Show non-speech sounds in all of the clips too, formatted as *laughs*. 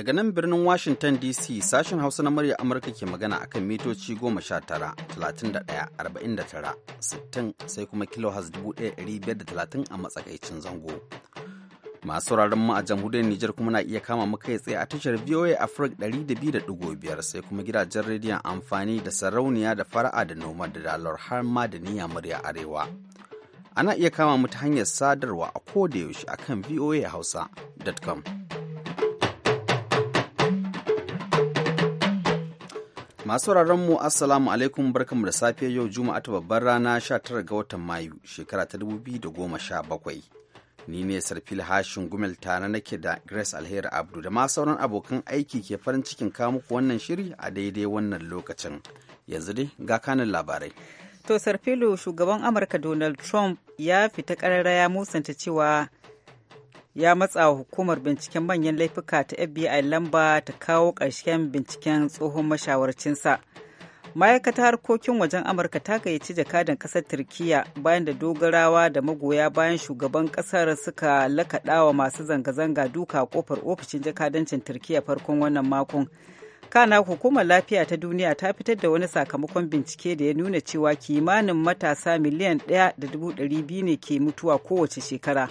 Daga nan birnin Washington DC sashen Hausa na murya Amurka ke magana akan mitoci 19, 31, 49, 60 sai kuma kilohaz 1530 a matsakaicin zango. Masu sauraron mu a jamhuriyar Nijar kuma na iya kama mu kai tsaye a tashar VOA Africa 200.5 sai kuma gidajen rediyon amfani da sarauniya da fara'a da noma da dalar har ma da niyya murya arewa. Ana iya kama mu ta hanyar sadarwa a kodayaushe akan hausa.com. Masu mu Assalamu alaikum barkanmu da safe yau Juma'a ta babbar rana 19 ga watan Mayu shekara ta 2017. Ni ne Sarfil Hashin Gumel tare nake da Grace Alheri Abdu da ma sauran abokan aiki ke farin cikin muku wannan shiri a daidai wannan lokacin. Yanzu dai ga kanin labarai. To Sarfilu shugaban Amurka Donald Trump ya fita ƙararraya ya musanta cewa ya matsa wa hukumar binciken manyan laifuka ta FBI lamba ta kawo ƙarshen binciken tsohon mashawarcinsa. ma'aikatar harkokin wajen amurka ta gayyaci jakadan ƙasar turkiya bayan da dogarawa da magoya bayan shugaban ƙasar suka lakaɗa wa masu zanga-zanga duka kofar ofishin jakadancin turkiya farkon wannan makon kana hukumar lafiya ta duniya ta fitar da wani sakamakon bincike da ya nuna cewa kimanin matasa miliyan 1.2 ne ke mutuwa kowace shekara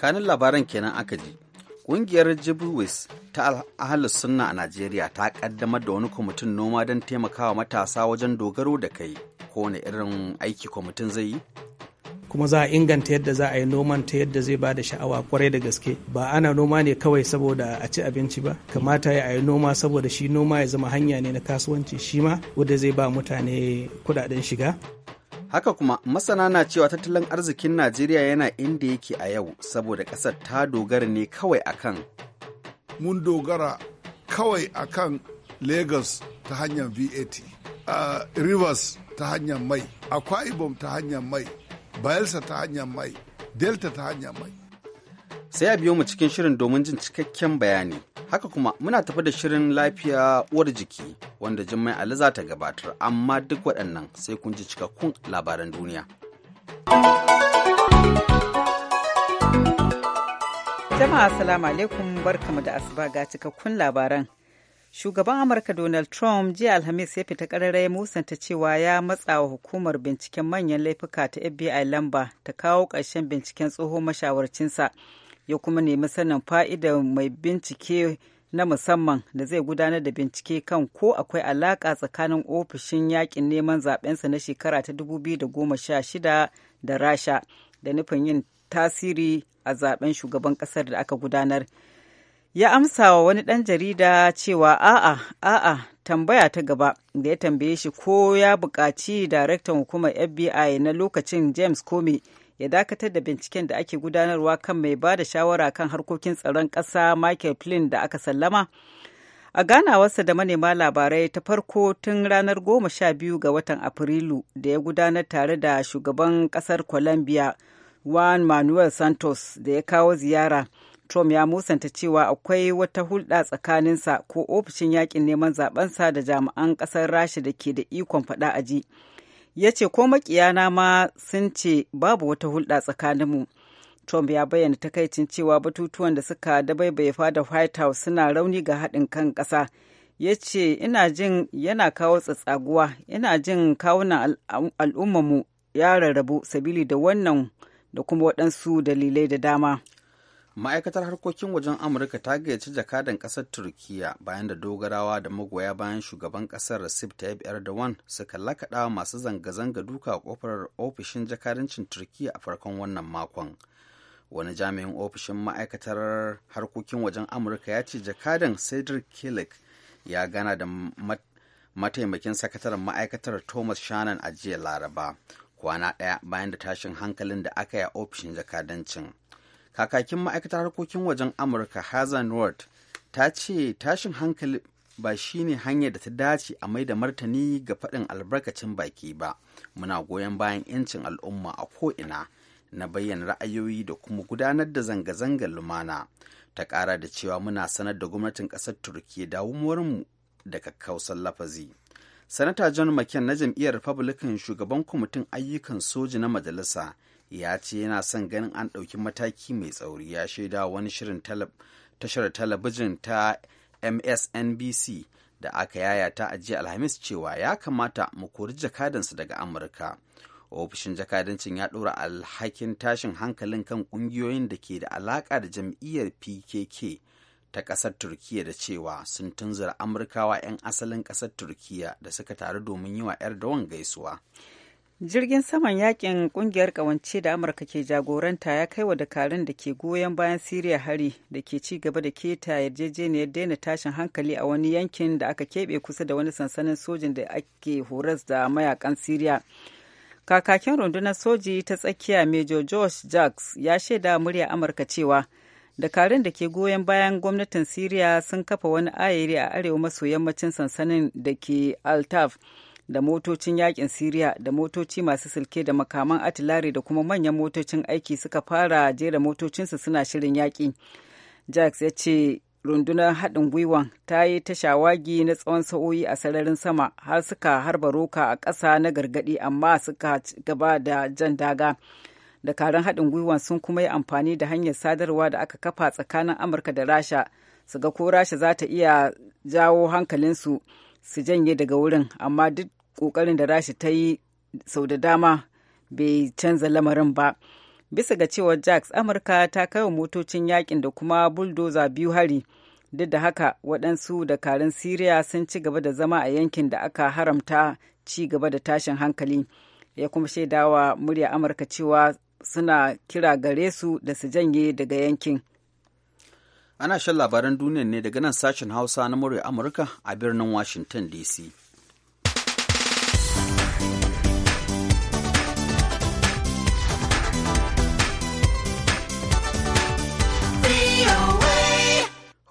kanin labaran kenan aka ji ƙungiyar jibuwis ta ahalus sunna a najeriya ta ƙaddamar da wani kwamitin noma don taimakawa matasa wajen dogaro da kai ko wani irin aiki kwamitin zai yi kuma za a inganta yadda za a yi noman ta yadda zai ba da sha'awa kwarai da gaske ba ana noma ne kawai saboda a ci abinci ba kamata ya yi noma saboda shi noma ya zama hanya ne na kasuwanci shi ma wadda zai ba mutane kudaden shiga Haka kuma masana na cewa tattalin arzikin Najeriya yana inda yake a yau saboda ƙasar ta dogara ne kawai akan. Mun dogara kawai akan Lagos ta hanyar VAT, uh, Rivers ta hanyar mai, Akwa Ibom ta hanyar mai, Bayelsa ta hanyar mai, Delta ta hanyar mai. sai a biyo mu cikin shirin domin jin cikakken bayani haka kuma muna tafi da shirin lafiya uwar jiki wanda jimmai ali za ta gabatar amma duk waɗannan sai kun ji cikakkun labaran duniya jama'a salamu alaikum barkamu da asuba ga cikakkun labaran shugaban amurka donald trump jiya alhamis ya fita ƙararrai musanta cewa ya matsawa hukumar binciken manyan laifuka ta fbi lamba ta kawo ƙarshen binciken tsoho mashawarcinsa ya kuma nemi sanin fa'idar mai bincike na musamman da zai gudanar da bincike kan ko akwai alaƙa tsakanin ofishin yakin neman zaɓensa na shekara ta 2016 da rasha da nufin yin tasiri a zaben shugaban ƙasar da aka gudanar ya amsa wa wani ɗan jarida cewa a'a a'a tambaya ta gaba da ya tambaye shi ko ya buƙaci daraktan hukumar fbi na lokacin james comey ya dakatar da binciken da ake gudanarwa kan mai ba da shawara kan harkokin tsaron ƙasa michael flynn da aka sallama a ganawarsa da manema labarai ta farko tun ranar goma sha biyu ga watan afrilu da ya gudanar tare da shugaban ƙasar colombia juan manuel santos da ya kawo ziyara Trump ya musanta cewa akwai wata hulɗa tsakaninsa ko ofishin yakin neman zabensa da jami'an ƙasar Rasha da ke da ikon faɗa a ji. ya ce ko makiyana ma sun ce babu wata hulɗa tsakaninmu. Trump ya bayyana takaicin cewa batutuwan da suka dabaibaye fada White House suna rauni ga haɗin kan ƙasa. Ya ce, ina jin yana kawo tsatsaguwa, ina jin kawunan al'ummanmu ya rarrabu sabili da wannan da kuma waɗansu dalilai da dama. ma'aikatar harkokin wajen amurka ta gayyaci jakadan kasar turkiya bayan da dogarawa da magoya bayan shugaban kasar recep tayyip erdogan suka lakaɗa masu zanga-zanga duka kofar ofishin jakadancin turkiya a farkon wannan makon wani jami'in ofishin ma'aikatar harkokin wajen amurka ya ce jakadan cedric kilik ya gana da mataimakin sakataren ma'aikatar thomas shannon a jiya laraba kwana ɗaya bayan da tashin hankalin da aka yi a ofishin jakadancin kakakin ma'aikatar harkokin wajen amurka hazan ward ta ce tashin hankali ba shine hanyar da ta dace a mai da martani ga faɗin albarkacin baki ba muna goyon bayan 'yancin al'umma a ko'ina na bayyana ra'ayoyi da kuma gudanar da zanga-zangar lumana ta ƙara da cewa muna sanar da gwamnatin ƙasar turkiya damuwarmu da kakkausan lafazi sanata john mccain na jam'iyyar republican shugaban kwamitin ayyukan soji na majalisa ya ce yana son ganin an ɗauki mataki mai tsauri ya shaida wani shirin tashar talabijin ta msnbc da aka yaya ta jiya alhamis cewa ya kamata mu kori jakadansu daga amurka ofishin jakadancin ya ɗora alhakin tashin hankalin kan ƙungiyoyin da ke da alaƙa da jam'iyyar pkk ta ƙasar turkiya da cewa sun tunzura amurkawa 'yan asalin ƙasar turkiya da suka taru domin yi wa 'yar erdogan gaisuwa jirgin saman yakin kungiyar kawance da amurka ke jagoranta ya kai wa dakarun da ke goyon bayan siriya hari da ke ci gaba da keta yarjejeniyar daina tashin hankali a wani yankin da aka keɓe kusa da wani sansanin sojin da ake horas da mayakan siriya kakakin rundunar soji ta tsakiya major josh jacks ya shaida murya amurka cewa dakarun da ke goyon bayan gwamnatin siriya sun kafa wani ayiri a arewa maso yammacin sansanin da ke altaf da motocin yakin Siriya da motoci masu silke da makaman atilare da kuma manyan motocin aiki suka fara jera motocinsu suna shirin yaƙi. Jax ya ce rundunar haɗin gwiwan ta yi ta shawagi na tsawon sa'o'i a sararin sama har suka harba roka a ƙasa na gargaɗi amma suka gaba da jan daga. Dakarun haɗin gwiwan sun kuma yi amfani da hanyar sadarwa da aka kafa tsakanin Amurka da Rasha su ga ko Rasha za ta iya jawo hankalinsu su janye daga wurin amma duk kokarin da rasha ta yi sau da dama bai canza lamarin ba bisa ga cewa jacks amurka ta kawo motocin yakin da kuma buldoza biyu hari duk da haka waɗansu dakarun siriya sun ci gaba da zama a yankin da aka haramta ci gaba da tashin hankali ya kuma shaidawa murya amurka cewa suna kira gare su da su janye daga yankin ana shan labaran duniya ne daga nan sashen hausa na murya amurka a birnin washington dc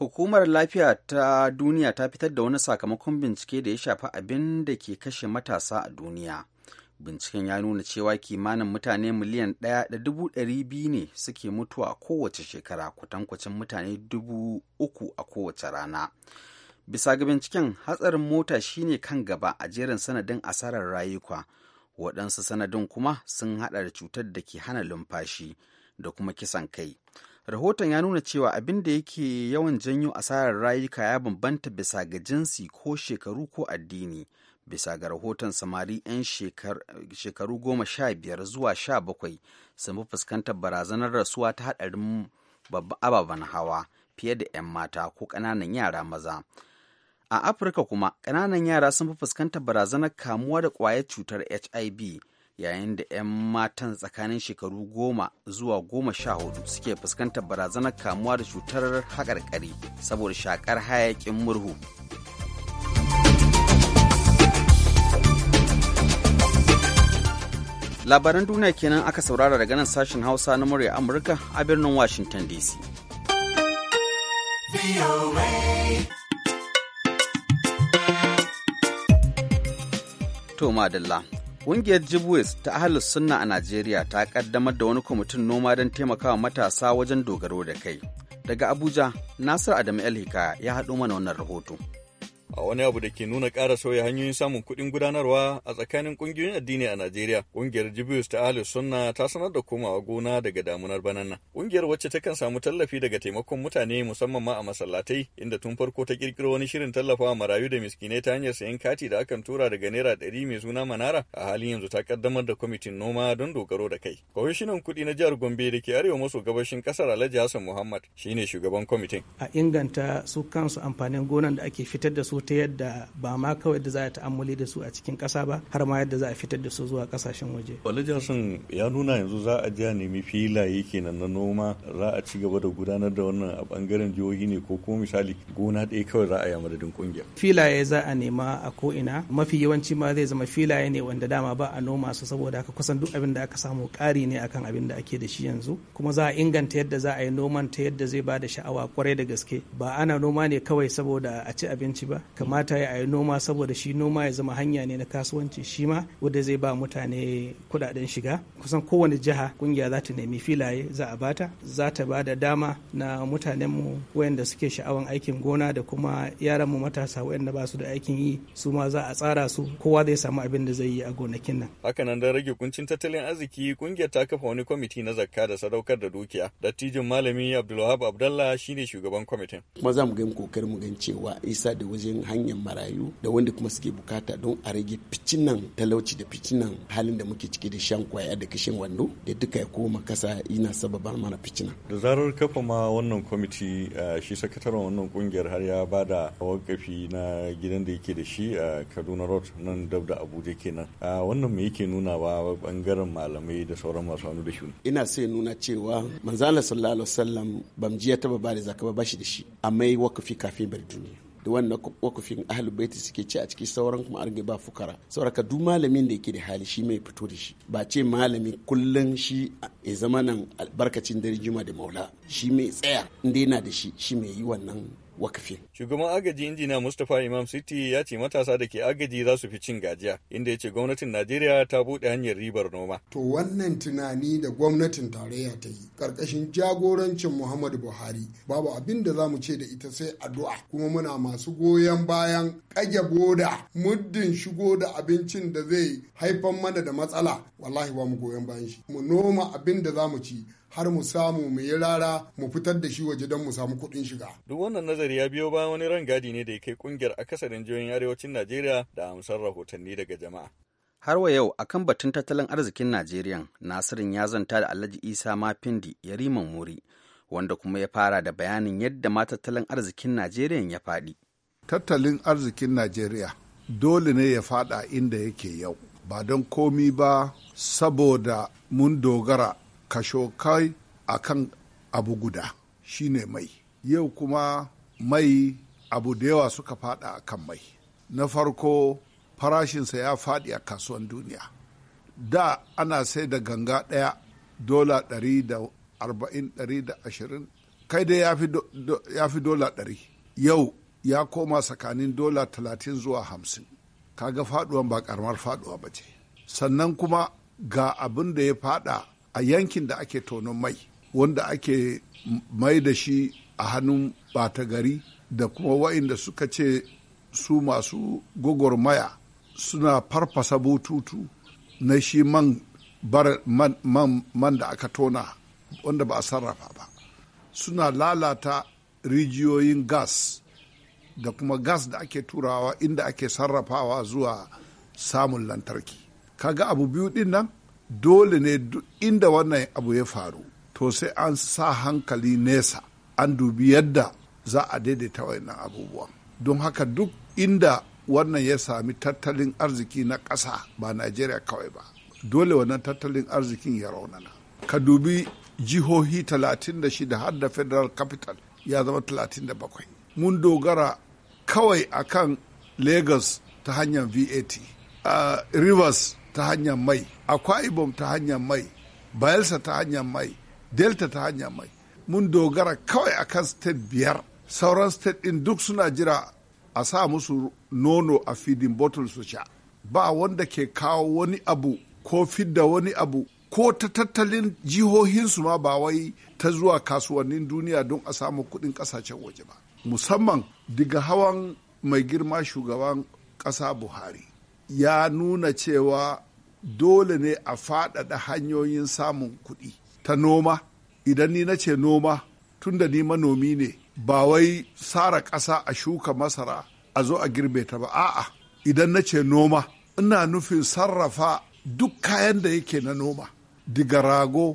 hukumar lafiya ta duniya ta fitar da wani sakamakon bincike da ya shafi abin da ke kashe matasa a duniya binciken ya nuna cewa kimanin mutane miliyan ɗaya da dubu ɗari biyu ne suke mutuwa kowace shekara kwatankwacin mutane dubu uku a kowace rana bisa ga binciken hatsarin mota shine kan gaba a jerin sanadin asarar rayuka waɗansu sanadin kuma sun haɗa da cutar da ke hana lumfashi da kuma kisan kai rahoton ya nuna cewa abin da yake yawan janyo asarar rayuka ya bambanta bisa ga jinsi ko shekaru ko addini bisa ga rahoton samari 'yan shekaru goma sha biyar zuwa sha bakwai sun fi fuskantar barazanar rasuwa ta haɗarin ababen hawa fiye da 'yan mata ko ƙananan yara maza a afirka kuma ƙananan yara sun fi fuskantar barazanar kamuwa da ƙwayar cutar hiv yayin da 'yan matan tsakanin shekaru goma zuwa goma sha hudu suke fuskantar barazanar kamuwa da cutar haƙarƙari saboda shaƙar hayaƙin murhu labaran duniya kenan aka saurara daga nan sashen hausa na murya amurka a birnin washington dc to madalla Ƙungiyar Jibwis ta Ahlus Sunna a Najeriya ta ƙaddamar da wani kwamitin noma don taimakawa matasa wajen dogaro da kai. Daga Abuja, Nasir Adamu El Hikaya ya haɗu mana wannan rahoto. a wani abu da ke nuna ƙara sauya hanyoyin samun kuɗin gudanarwa a tsakanin ƙungiyoyin addini a Najeriya. Ƙungiyar Jibius ta Ahlus Sunna ta sanar da komawa gona daga damunar banana. nan. Ƙungiyar wacce takan samu tallafi daga taimakon mutane musamman ma a masallatai inda tun farko ta ƙirƙiro wani shirin tallafawa marayu da miskinai ta hanyar sayan kati da akan tura daga naira ɗari mai suna Manara a halin yanzu ta ƙaddamar da kwamitin noma don dogaro da kai. Kwamishinan kuɗi na jihar Gombe da ke arewa maso gabashin ƙasar Alhaji Hassan Muhammad shine shugaban kwamitin. A inganta su kansu amfanin gonan da ake fitar da su ta yadda ba ma kawai da za a ta'ammali da su a cikin ƙasa ba har ma yadda za a fitar da su zuwa ƙasashen waje. Wale Johnson ya nuna yanzu za a ja nemi filaye kenan na noma za a ci gaba da gudanar da wannan a bangaren jihohi ne ko ko misali gona ɗaya kawai za a yi a madadin ƙungiya. Filaye za a nema a ko ina mafi yawanci ma zai zama filaye ne wanda dama ba a noma su saboda haka kusan duk abin da aka samu ƙari ne akan abin da ake da shi yanzu kuma za a inganta yadda za a yi noman ta yadda zai ba da sha'awa kwarai da gaske ba ana noma ne kawai saboda a ci abinci ba kamata ya yi noma saboda shi noma ya zama hanya ne na kasuwanci shi ma wanda zai ba mutane kudaden shiga kusan kowane jiha kungiya za ta nemi filaye za a bata za ta ba da dama na mutanenmu wayanda suke sha'awan aikin gona da kuma yaranmu matasa wayanda ba su da aikin yi su ma za a tsara su kowa zai samu abin da zai yi a gonakin nan nan don rage kuncin tattalin arziki kungiyar ta kafa wani kwamiti na zakka da sadaukar da dukiya dattijin malami abdulwahab abdallah shine shugaban kwamitin kuma za mu ga kokarin mu gan cewa isa da wajen hanyar marayu da wanda kuma suke bukata don a rage ficinan talauci da ficinan halin da muke ciki da shan kwaya da kashin wando da duka ya koma kasa ina sababar mana ficina. Da zarar kafa ma wannan kwamiti shi sakataren wannan kungiyar har ya ba da wakafi na gidan da yake da shi a Kaduna Road nan dab da Abuja kenan. Wannan me yake nuna ba bangaren malamai da sauran masu hannu da shuni. Ina sai nuna cewa manzala sallallahu alaihi wasallam bamji taba ba da zakaba ba shi da shi amma yi wakafi kafin bari duniya. da wannan wakufin ahlul baiti suke ci a ciki sauran kuma arge ba fukara sauraka duk malamin da yake da hali shi mai fito da shi ba ce malami kullum shi ya zama nan albarkacin dare juma da maula shi mai tsaya inda yana da shi shi mai yi wannan wakafin Shugaban agaji injiniya Mustapha Imam City ya ce matasa da ke agaji za su fi cin gajiya, inda ya ce gwamnatin Najeriya ta buɗe hanyar ribar noma. To wannan tunani da gwamnatin tarayya ta yi ƙarƙashin jagorancin Muhammadu Buhari babu abin da za mu ce da ita sai addu'a kuma muna masu goyon bayan ƙage boda muddin shigo da abincin da zai haifar mana da matsala wallahi ba mu goyon bayan shi mu noma abin da za mu ci har mu samu mu yi rara mu fitar da shi waje don mu samu kuɗin shiga. Duk wannan nazari ya biyo bayan wani rangadi ne da ya kai kungiyar akasarin jihohin arewacin Najeriya da amsar rahotanni daga jama'a. Har wa yau akan batun tattalin arzikin Najeriya, Nasirin ya zanta da Alhaji Isa Mafindi Yariman Muri, wanda kuma ya fara da bayanin yadda ma tattalin arzikin Najeriya ya faɗi. Tattalin arzikin Najeriya dole ne ya faɗa inda yake yau, ba don komi ba saboda mun dogara kasho kai akan abu guda shine mai. Yau kuma mai abu da yawa suka fada a kan mai na farko farashinsa ya faɗi a kasuwan duniya da ana sai da ganga ɗaya dola ɗari da arba'in ɗari da ashirin kai dai ya fi dola ɗari yau ya koma tsakanin dola talatin zuwa hamsin kaga faɗuwan ba karamar faɗuwa ba ce sannan kuma ga abin da ya faɗa a yankin da ake tonon mai wanda ake mai da shi a hannun bata gari da kuma wa'inda suka ce su masu gwagwarmaya suna farfasa bututu na shi man, bar, man, man, man da aka tona wanda ba a sarrafa ba suna lalata rijiyoyin gas da kuma gas da ake turawa inda ake sarrafawa zuwa samun lantarki kaga abu biyu din nan dole ne inda wannan abu ya faru to sai an sa hankali nesa an dubi yadda za a daidaita wannan abubuwan don haka duk inda wannan ya sami tattalin arziki na ƙasa ba najeriya kawai ba dole wannan tattalin arzikin ya raunana ka dubi jihohi 36 har da federal capital ya zama 37 mun dogara kawai akan lagos ta hanyar vat uh, rivers ta hanyar mai akwa ibom ta hanyar mai bayelsa ta hanyar mai delta ta hanya mai mun dogara kawai akan state biyar sauran state ɗin duk suna jira a sa musu nono a feeding bottle su sha ba wanda ke kawo wani abu ko fidda wani abu ko ta tattalin jihohinsu ma ba wai ta zuwa kasuwannin duniya don a samu kuɗin ƙasashen waje ba musamman diga hawan mai girma shugaban ƙasa buhari ya nuna cewa dole ne a faɗaɗa hanyoyin samun kuɗi ta noma idan ni na ce noma tun da ni manomi ne ba wai sara ƙasa a shuka masara a zo a girbe ta ba a'a idan na ce noma ina nufin sarrafa duk kayan da yake na noma diga rago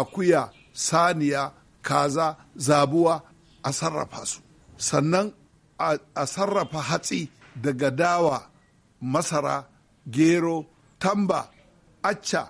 akuya saniya kaza zabuwa a sarrafa su sannan a sarrafa hatsi daga dawa masara gero tamba acca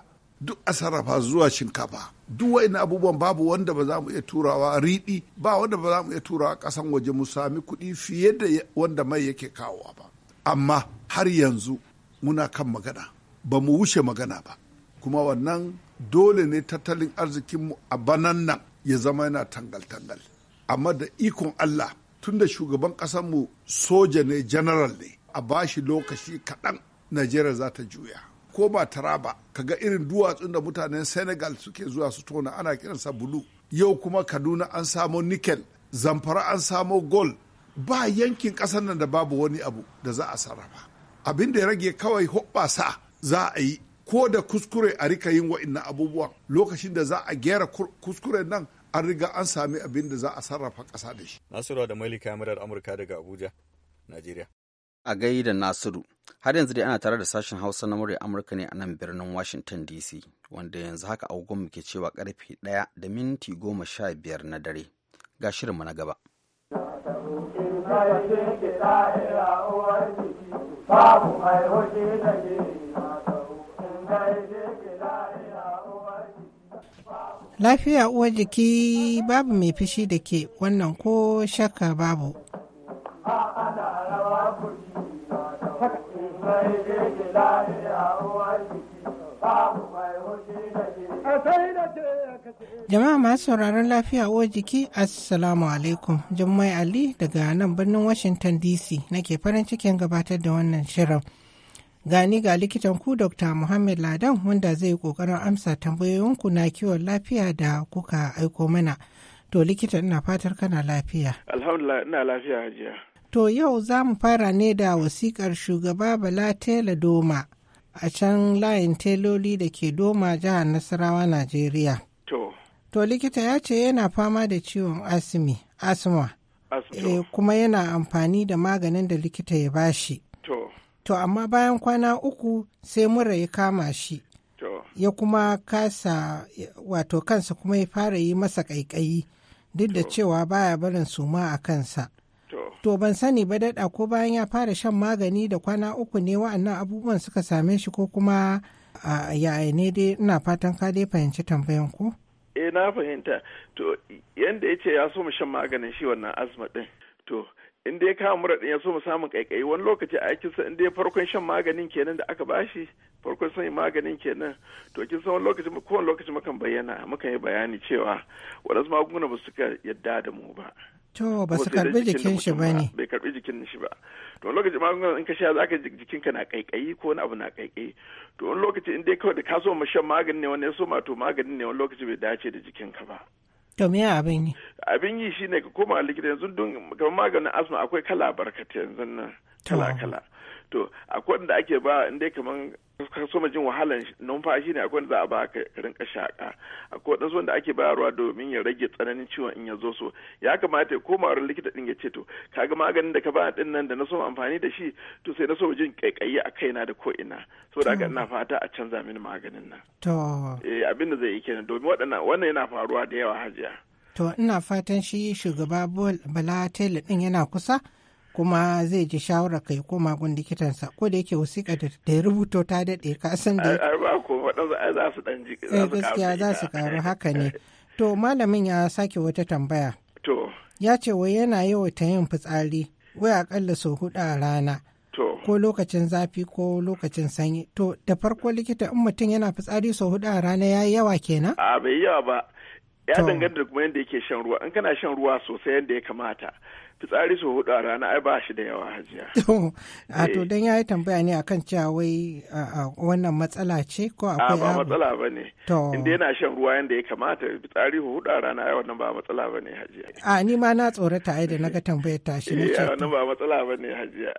duk a sarrafa zuwa shinkafa duk waina abubuwan babu wanda ba za mu iya turawa riɗi ba wanda ba za mu iya turawa ƙasan waje mu sami kuɗi fiye da wanda mai yake kawowa ba amma har yanzu muna kan magana ba mu wuce magana ba kuma wannan dole ne tattalin arzikinmu a banan nan ya zama yana tangal-tangal amma da ikon Allah tun da shugaban ƙasanmu soja ne general ne a bashi lokaci kaɗan Najeriya za ta juya ko tara taraba kaga irin duwatsun da mutanen senegal suke zuwa su tona ana kiransa bulu yau kuma kaduna an samo nickel zamfara an samo gold ba yankin ƙasar nan da babu wani abu da za a sarrafa abin da ya rage kawai hoɓɓasa za a yi ko da kuskure a rika yin wa'innan abubuwan lokacin da za a gera kuskure nan an riga an sami abin da za a sarrafa ƙasa da shi. Nasiru da Malika Murar Amurka daga Abuja, Najeriya. a gaida Nasiru. Har yanzu dai ana tare da sashen Hausa na murya Amurka ne a nan birnin Washington DC, wanda yanzu haka agogon ke cewa karfe ɗaya da minti goma sha biyar na dare. Ga shirinmu na gaba. Lafiya uwar jiki babu mai fushi da ke wannan ko shakka babu. Jama'a masu sauraron lafiya uwar jiki Assalamu alaikum. Jummai Ali daga nan birnin Washington DC nake farin cikin gabatar da wannan shirin. Gani ga likitan ku Dr. Muhammad Ladan wanda zai kokarin amsa tambayoyinku na kiwon lafiya da kuka aiko mana. To likitan ina fatar kana lafiya. Alhamdulillah ina lafiya hajiya. To yau za mu fara ne da wasikar shugaba Bala Tela Doma a can layin teloli da ke doma jihar Nasarawa, Najeriya. To. likita ya ce yana fama da ciwon asimi, asma. E, kuma yana amfani da maganin da likita ya bashi. To. To amma bayan kwana uku sai mura ya kama shi. Ya kuma kasa wato kansa kuma ya fara yi masa ƙaiƙayi duk da cewa baya barin suma a kansa. To ban sani ba daɗa ko bayan ya fara shan magani da kwana uku ne wa'annan abubuwan suka same shi ko kuma ya ne dai ina fatan ka dai fahimci tambayan ko? Eh na fahimta. To yadda ya ce ya so mu shan maganin shi wannan azma ɗin. To in dai ka mura ɗin ya so mu samun ƙaiƙayi wani lokaci a sa in dai farkon shan maganin kenan da aka bashi farkon sanya maganin kenan to kin san wani lokaci kowane lokaci mukan bayyana mukan yi bayani cewa waɗansu magunguna ba suka yadda da mu ba. To ba su karbi jikin shi ba ne. Bai karbi jikin shi ba. To wani lokaci magungunan in ka sha za ka jikinka na kaikayi ko wani abu na kaikayi. To wani lokaci in dai kawai da ka so ma shan magani ne wani ya so ma to maganin ne wani lokaci bai dace da jikinka ba. To me abin yi? Abin yi shine ka koma likita yanzu don kamar maganin asma akwai kala barkata yanzu nan kala kala. to akwai wanda ake ba in dai kamar ka soma jin wahalan numfashi ne akwai wanda za a ba ka rinka shaka akwai wadansu wanda ake bayarwa domin ya rage tsananin ciwon in ya zo so ya kamata ya koma wurin likita din ya ce to ga maganin da ka ba din nan da na so amfani da shi to sai na so jin kaikayi a kaina da ko ina saboda haka ina mm. fata a canza mini maganin nan to eh abin da zai yi kenan domin waɗannan wannan yana faruwa da yawa hajiya to ina fatan shi shugaba Bala tele din yana kusa kuma zai ji shawarar kai ko gun likitansa ko da yake wasiƙa da ya rubuto ta daɗe ka san da za su ɗan ji eh, gaskiya za su karu haka ne *laughs* to malamin ya sake wata tambaya to ya ce wai yana yawaita yin fitsari wai akalla sau hudu a rana ko lokacin zafi ko lokacin sanyi to da farko likita in mutum yana fitsari sau hudu a rana ya yawa kenan a bai yawa ba ya danganta da kuma yadda yake shan ruwa in kana shan ruwa sosai yadda ya kamata fitsari su hudu a rana ai ba shi da yawa hajiya. *laughs* a to eh. don ya yi tambaya ne akan cewa wai wannan matsala ce ko akwai ba matsala ba ne. Inda yana shan ruwa yadda ya kamata fitsari su hudu a rana ai wannan ba matsala ba ne hajiya. A ni ma na tsorata ai da na ga tambayar tashi. *laughs* Eh wannan ba matsala ba ne hajiya.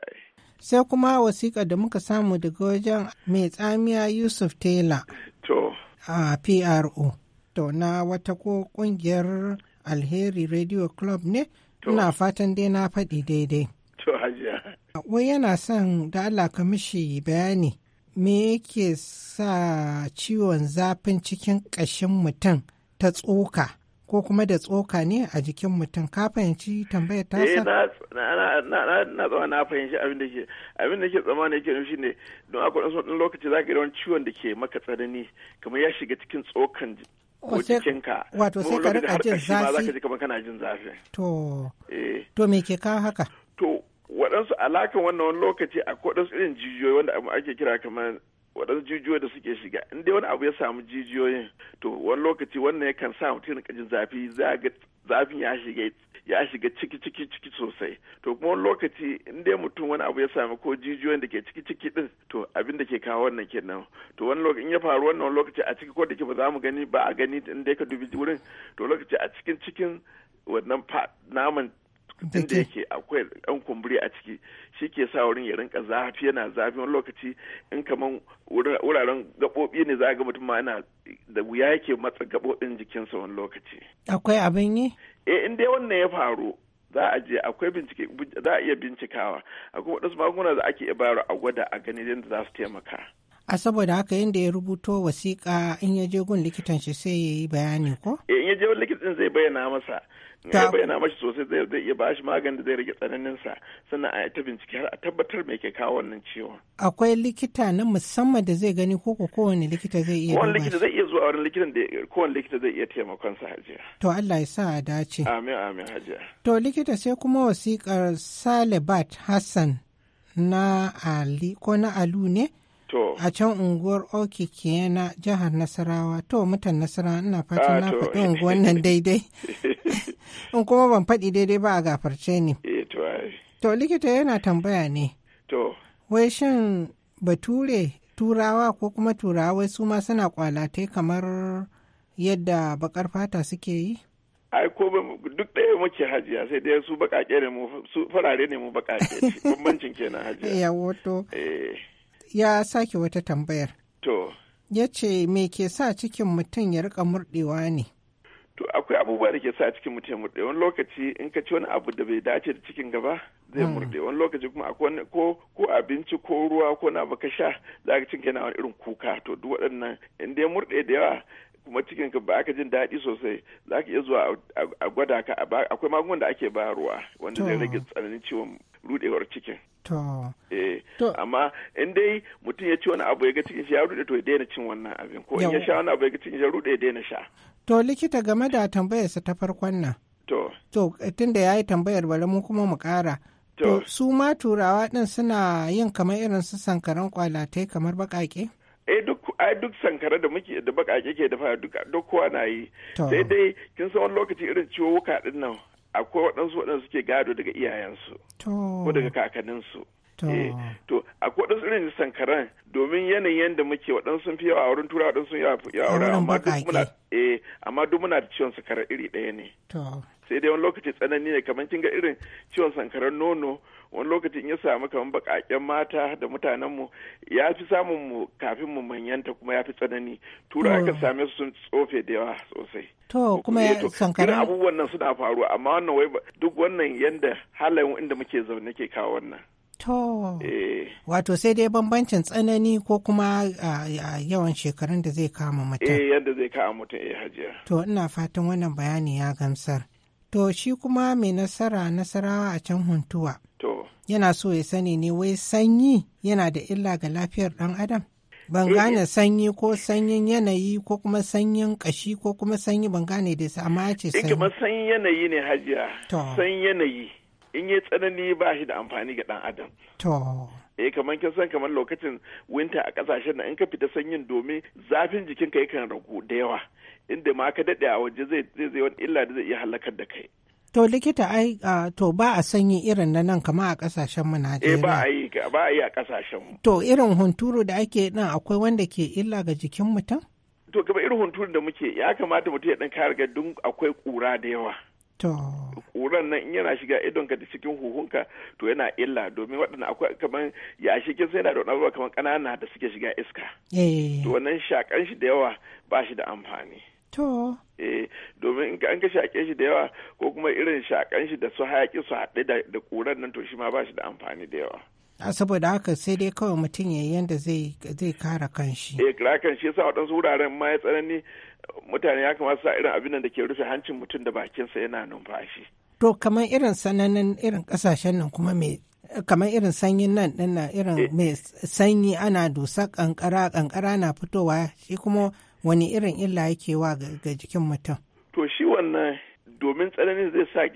Sai kuma wasiƙa da muka samu daga wajen mai tsamiya Yusuf Taylor. To. A PRO. To na wata ko ƙungiyar Alheri Radio Club ne Ina fatan dai na faɗi daidai. To hajiya. Wai yana son da Allah ka mishi bayani me yake sa ciwon zafin cikin ƙashin mutum ta tsoka ko kuma da tsoka ne a jikin mutum ka fahimci tambayar ta eh, sa? na tsawon na fahimci abin da ke abin da ke tsammanin yake nufi ne don akwai ɗan lokaci za ka yi wani ciwon da ke maka tsanani kamar ya shiga cikin tsokan ko jikinka wato sai ka rika jin zafi za ka ji kamar kana jin zafi to eh. to me ke kawo haka to waɗansu alaka wannan wani lokaci a waɗansu irin jijiyoyi wanda ake kira kamar waɗansu jijiyoyi da suke shiga in dai wani abu ya samu jijiyoyin to wani lokaci wannan kan sa mutum rika jin zafi zafin ya shiga ya shiga ciki ciki ciki sosai to kuma wani lokaci in dai mutum wani abu ya sami ko jijiyoyin da ke ciki ciki din to abin da ke kawo wannan kenan to wani lokaci in ya faru wannan lokaci a ciki ko da ke ba za mu gani ba a gani in dai ka dubi wurin to lokaci a cikin cikin wannan naman din da yake akwai yan kumburi a ciki shi ke sa wurin ya rinka zafi yana zafi wani lokaci in kaman wuraren gaɓoɓi ne za ga mutum ma yana da wuya yake matsa gabobin jikinsa wani lokaci. Akwai abin yi? eh in dai wannan ya faru za a je akwai bincike za a iya bincikawa akwai waɗansu magunguna da ake iya bayarwa a gwada a gani yadda za su taimaka a saboda haka yadda ya rubuto wasiƙa in ya je gun likitan shi sai ya yi bayani ko eh, in ya je gun likitan zai bayyana masa ya bayyana mashi sosai zai zai iya bashi maganin da zai rage tsananin sa sannan a ta bincike har a tabbatar me ke kawo wannan ciwon akwai likita na musamman da zai gani ko kowane likita zai iya kowane likita zai iya zuwa wurin likitan da kowane likita zai iya taimakon sa hajiya to Allah ya sa a dace amin amin hajiya to likita sai kuma wasiƙar Salibat Hassan na Ali ko na Alu ne a can unguwar oki kiyana jihar nasarawa to mutan nasarawa ina fatan ah, na faɗi unguwar nan *laughs* daidai *laughs* in kuma ban faɗi daidai ba a gafarce ne eh, to likita yana tambaya ne to wai shin bature turawa ko kuma turawa su ma suna kwalatai kamar yadda bakar fata suke yi ai ko duk ɗaya muke hajiya sai dai su bakake ne mu su farare ne mu bakake *laughs* bambancin kenan hajiya yawo to eh ya sake wata tambayar. To. Ya ce me ke sa cikin mutum ya rika murɗewa ne? To akwai abubuwa da ke sa cikin mutum murɗe wani lokaci in ka ci wani abu da bai dace da cikin gaba zai hmm. murɗe wani lokaci kuma akwai ko ko abinci ko ruwa ko na baka sha za ka cin yana irin kuka to duk waɗannan in dai murɗe da yawa kuma cikin ka ba ka jin daɗi sosai za ka iya zuwa a gwada ka akwai magungunan da ake bayarwa wanda zai rage tsananin ciwon rudewar cikin To. Eh, amma in dai mutum ya ci wani abu ya ga cikin shi ya rude to ya daina cin wannan abin ko in ya sha wani abu ya ga cikin shi ya rude ya daina sha. To likita game da tambayarsa ta farkon nan. To. To tunda ya yi tambayar bari mu kuma mu ƙara. To su ma turawa din suna yin kamar irin su sankaran kwalatai kamar bakake. eh duk ai duk sankara da muke da bakake ke dafa duk duk kowa na yi sai dai kin san wani lokaci irin ciwo wuka din nan akwai waɗansu waɗansu suke gado daga iyayensu ko daga kakanninsu eh, to akwai waɗansu irin sankaran domin yanayin da muke waɗansu sun fi yawa a wurin tura waɗansu yawa a wurin eh, amma duk muna da ciwon sankarar iri ɗaya ne sai dai wani lokaci tsanani ne kamar kin ga irin ciwon sankarar nono wani lokacin ya samu kamar bakaken mata da mutanen mu ya fi samun mu kafin mu manyanta kuma ya fi tsanani tura aka hmm. same su sun tsofe da yawa sosai to kuma eh sankarar abubuwan nan suna faruwa amma wannan wai duk wannan yanda halayen inda muke zaune ke kawo wannan To, eh. wato sai dai bambancin tsanani ko kuma yawan shekarun da zai kama mutum. Eh, yadda zai kama mutum eh hajiya. To, ina fatan wannan bayani ya gamsar. To shi kuma mai nasara nasarawa a can huntuwa. To. Yana so ya sani ne wai sanyi yana da illa ga lafiyar ɗan adam. Ban gane sanyi ko sanyin yanayi ko kuma sanyin kashi ko kuma sanyi ban gane da su amma ce eh, sanyi. Ikima sanyin yanayi ne hajiya. To. Sanyin yanayi. In yi tsanani ba shi da amfani ga ɗan adam. To. eh kamar kin san kamar lokacin winter a kasashen nan in ka fita sanyin domin zafin jikinka yakan ragu da yawa inda ma ka daɗe a waje zai zai wani illa da zai iya halakar da kai To likita ai to ba a sanyi irin na nan kamar a kasashen mu Najeriya. Eh ba a yi ba a yi a kasashen mu. To irin hunturu da ake nan akwai wanda ke illa ga jikin mutum? To kamar irin hunturu da muke ya kamata mutum ya dan kare ga dun akwai kura da yawa. Ƙuran nan in yana shiga idonka da cikin huhunka to yana illa domin waɗanda akwai kamar yashi kin sai da wani abubuwa kamar ƙanana da suke shiga iska. Eh. To wannan shakan shi da yawa ba shi da amfani. To. Eh, domin in an ka shaƙe shi da yawa ko kuma irin shakan shi da su hayaƙi su haɗe da ƙuran nan to shi ma ba shi da amfani da yawa. saboda haka sai dai kawai mutum ya yi yadda zai kara kanshi. Eh, kara kanshi yasa waɗansu wuraren ma ya tsanani mutane ya kamata sa irin abin da ke rufe hancin mutum da bakinsa yana numfashi. To kamar irin sananin irin kasashen nan kuma mai kamar irin sanyin nan din na irin eh. mai sanyi ana dusa kankara kankara na fitowa shi kuma wani irin illa yake wa ga jikin mutum. To shi wannan domin tsananin zai sa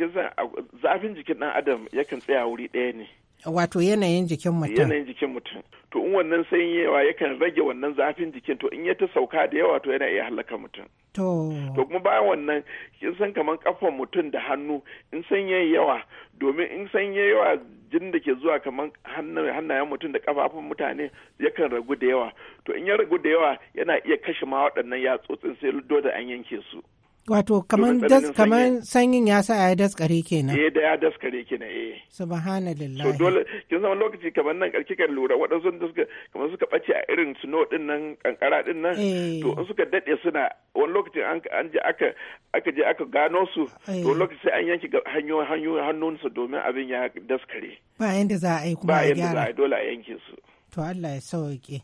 zafin jikin ɗan adam yakan tsaya wuri ɗaya ne. wato yanayin jikin mutum yanayin jikin mutum to in wannan sanyi yawa yakan rage wannan zafin jikin to in ya ta sauka da yawa to yana iya halaka mutum to to kuma bayan wannan kin san kaman kafan mutum da hannu in sanyi yawa domin in sanyi yawa jinin da ke zuwa kaman hannayen mutum da kafafun mutane yakan ragu da yawa to in ya ragu da yawa yana iya kashe ma waɗannan yatsotsin sai da an yanke su Wato kaman sanyin ya sa ya daskare kenan. Eh da ya daskare kenan eh. lillahi. So dole kin zama lokaci kaman nan karkikar lura waɗansu da suka kaman suka ɓace a irin snow din nan kankara ɗin nan eh. to in suka daɗe suna wani lokaci an ji je aka aka je aka gano su to eh. lokaci sai an yanke hanyo hanyo hannun su domin abin ya daskare. Ba yanda za a yi kuma a gyara. Ba yanda za a yi dole a yanke su. to Allah ya sauke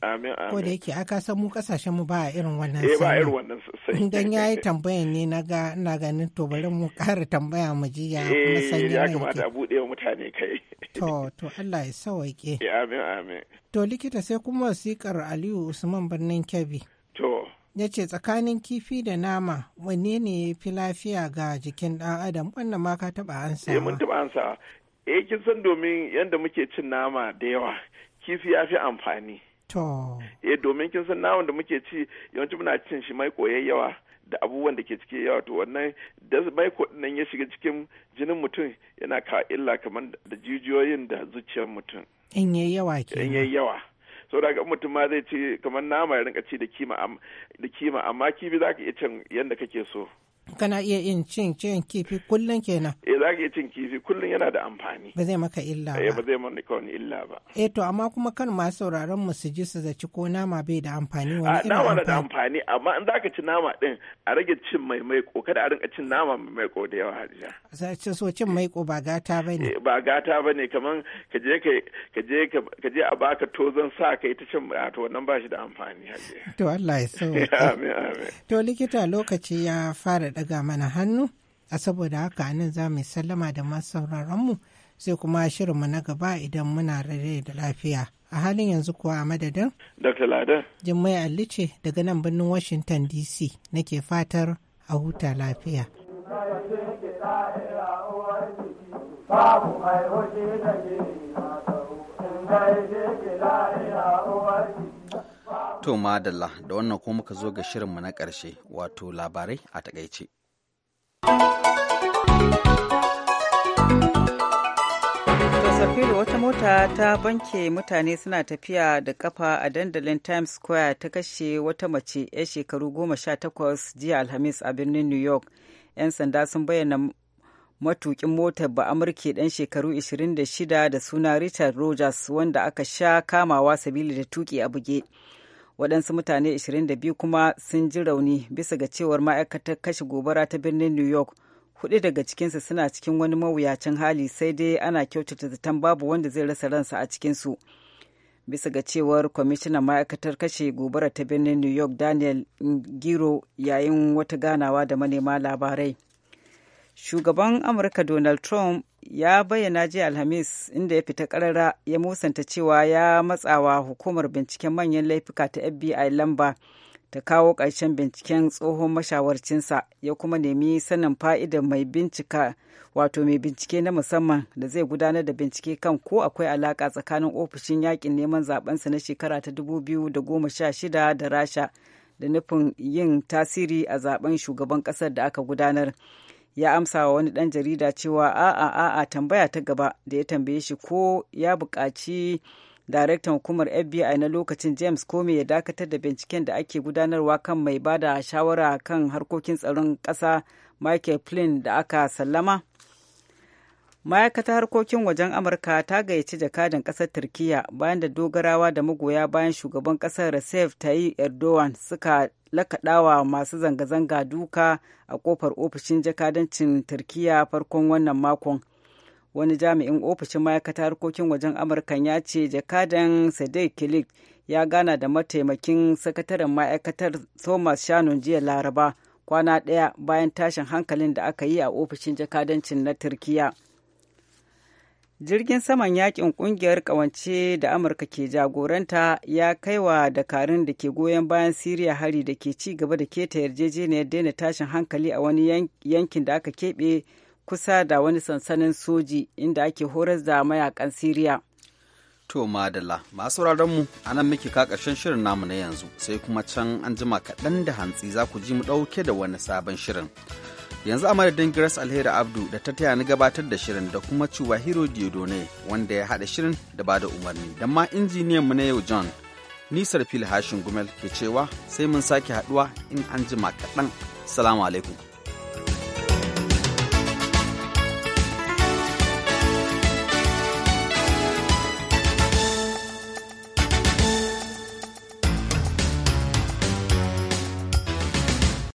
ko da yake aka san mu kasashen mu ba a irin wannan sai ba irin wannan eh, sai *laughs* dan yayi *laughs* tambayan ne na ga ina ganin to bari mu ƙara tambaya mu ji ya eh, masani ya kamata a bude wa mutane kai *laughs* to to Allah ya sauke eh, amin amin to likita sai kuma wasikar Aliyu Usman Birnin Kebbi to ya ce tsakanin kifi da nama wanne ne ya fi lafiya ga jikin ɗan adam wannan ma ka taɓa ansa eh mun taɓa ansa eh kin san domin yadda muke cin nama da yawa kifi ya fi amfani to eh domin kin san naman da muke ci yawanci muna cin shi mai koyayyawa da abubuwan da ke ciki yawa to wannan da mai nan ya shiga cikin jinin mutum yana ka illa kamar da jijiyoyin da zuciyar mutum in yayi yawa ke in yayi yawa so da ga mutum ma zai ci kamar nama ya rinka ci da kima amma kibi zaka iya cin yanda kake so kana iya yin cin cin kifi kullum kenan eh za ka iya cin kifi kullum yana da amfani ba zai maka illa ba eh ba zai maka wani illa ba eh to amma kuma kan ma sauraron mu su ji su zaci ko nama bai da amfani wani ah, irin nama da amfani amma in za ka ci nama din a rage cin mai ko kada a rinka cin nama mai ko da yawa hajiya sai so cin ko ba gata bane eh, ba gata bane kaman ka je ka je ka je a baka tozon sa ka ta cin ah, to wannan ba shi da amfani hajiya to Allah ya sauke *laughs* amin amin to likita lokaci ya fara ɗaga mana hannu a saboda haka nan za mu sallama da masu sauraronmu sai kuma shirinmu na gaba idan muna rare da lafiya a halin yanzu kuwa a madadin dr lada jimmai allice daga nan birnin washington dc nake fatar a huta lafiya babu mai hoji da ke in ke la'ira uwarki To madalla da wannan kuma muka zo ga shirinmu na ƙarshe wato labarai a takaice. safiru wata mota ta banke mutane suna tafiya da kafa a dandalin times square ta kashe wata mace 'yar shekaru goma sha takwas jiya alhamis a birnin new york 'yan sanda sun bayyana matukin motar ba amurke dan shekaru 26 da suna richard rogers wanda aka sha kamawa sabili da tuki a buge waɗansu mutane 22 kuma sun ji rauni bisa ga cewar ma'aikatar kashe gobara ta birnin new york hudu daga cikinsu suna cikin wani mawuyacin hali sai dai ana kyautata zaton babu wanda zai rasa ransa a cikinsu bisa ga cewar kwamishinan ma'aikatar kashe gobara ta birnin new york daniel giro yayin wata ganawa da manema labarai shugaban amurka donald trump ya bayyana jiya alhamis inda ya fita karara ya musanta cewa ya matsawa hukumar binciken manyan laifuka ta fbi lamba ta kawo ƙarshen binciken tsohon mashawarcinsa ya kuma nemi sanin fa'idar mai bincika wato mai bincike na musamman da zai gudanar da bincike kan ko akwai alaka tsakanin ofishin yakin neman zabensa na shekara ta 2016 da rasha da nufin yin tasiri a zaben shugaban ƙasar da aka gudanar. ya amsa wa wani dan jarida cewa a'a a'a tambaya ta gaba da ya tambaye shi ko ya buƙaci daraktan hukumar fbi na lokacin james comey ya dakatar da binciken da ake gudanarwa kan mai bada shawara kan harkokin tsaron ƙasa michael flynn da aka sallama ma'aikatar harkokin wajen amurka ta gayyaci jakadan kasar turkiya bayan da dogarawa da magoya bayan shugaban kasar recep tayyip erdogan suka lakaɗawa masu zanga-zanga duka a kofar ofishin jakadancin turkiya farkon wannan makon wani jami'in ofishin ma'aikatar harkokin wajen amurka ya ce jakadan sadiq kilik ya gana da mataimakin sakataren ma'aikatar thomas shannon jiya laraba kwana ɗaya bayan tashin hankalin da aka yi a ofishin jakadancin na turkiya jirgin saman yakin kungiyar kawance da amurka ke jagoranta ya kaiwa dakarun da ke goyon bayan siriya hari da ke ci gaba da keta yarjejeniyar daina tashin hankali a wani yankin da aka keɓe kusa da wani sansanin soji inda ake horar da mayakan siriya to madala masu mu a nan muke ka ƙarshen shirin namu na yanzu sai kuma can an jima kaɗan da hantsi za ku ji mu ɗauke da wani sabon shirin yanzu a madadin grace alheri abdu da ta taya ni gabatar da shirin da kuma cuba hero diodone wanda ya haɗa shirin da bada umarni da ma injiniyan mu na yau john nisar fil hashin gumel ke cewa sai mun sake haɗuwa in an jima kaɗan salamu alaikum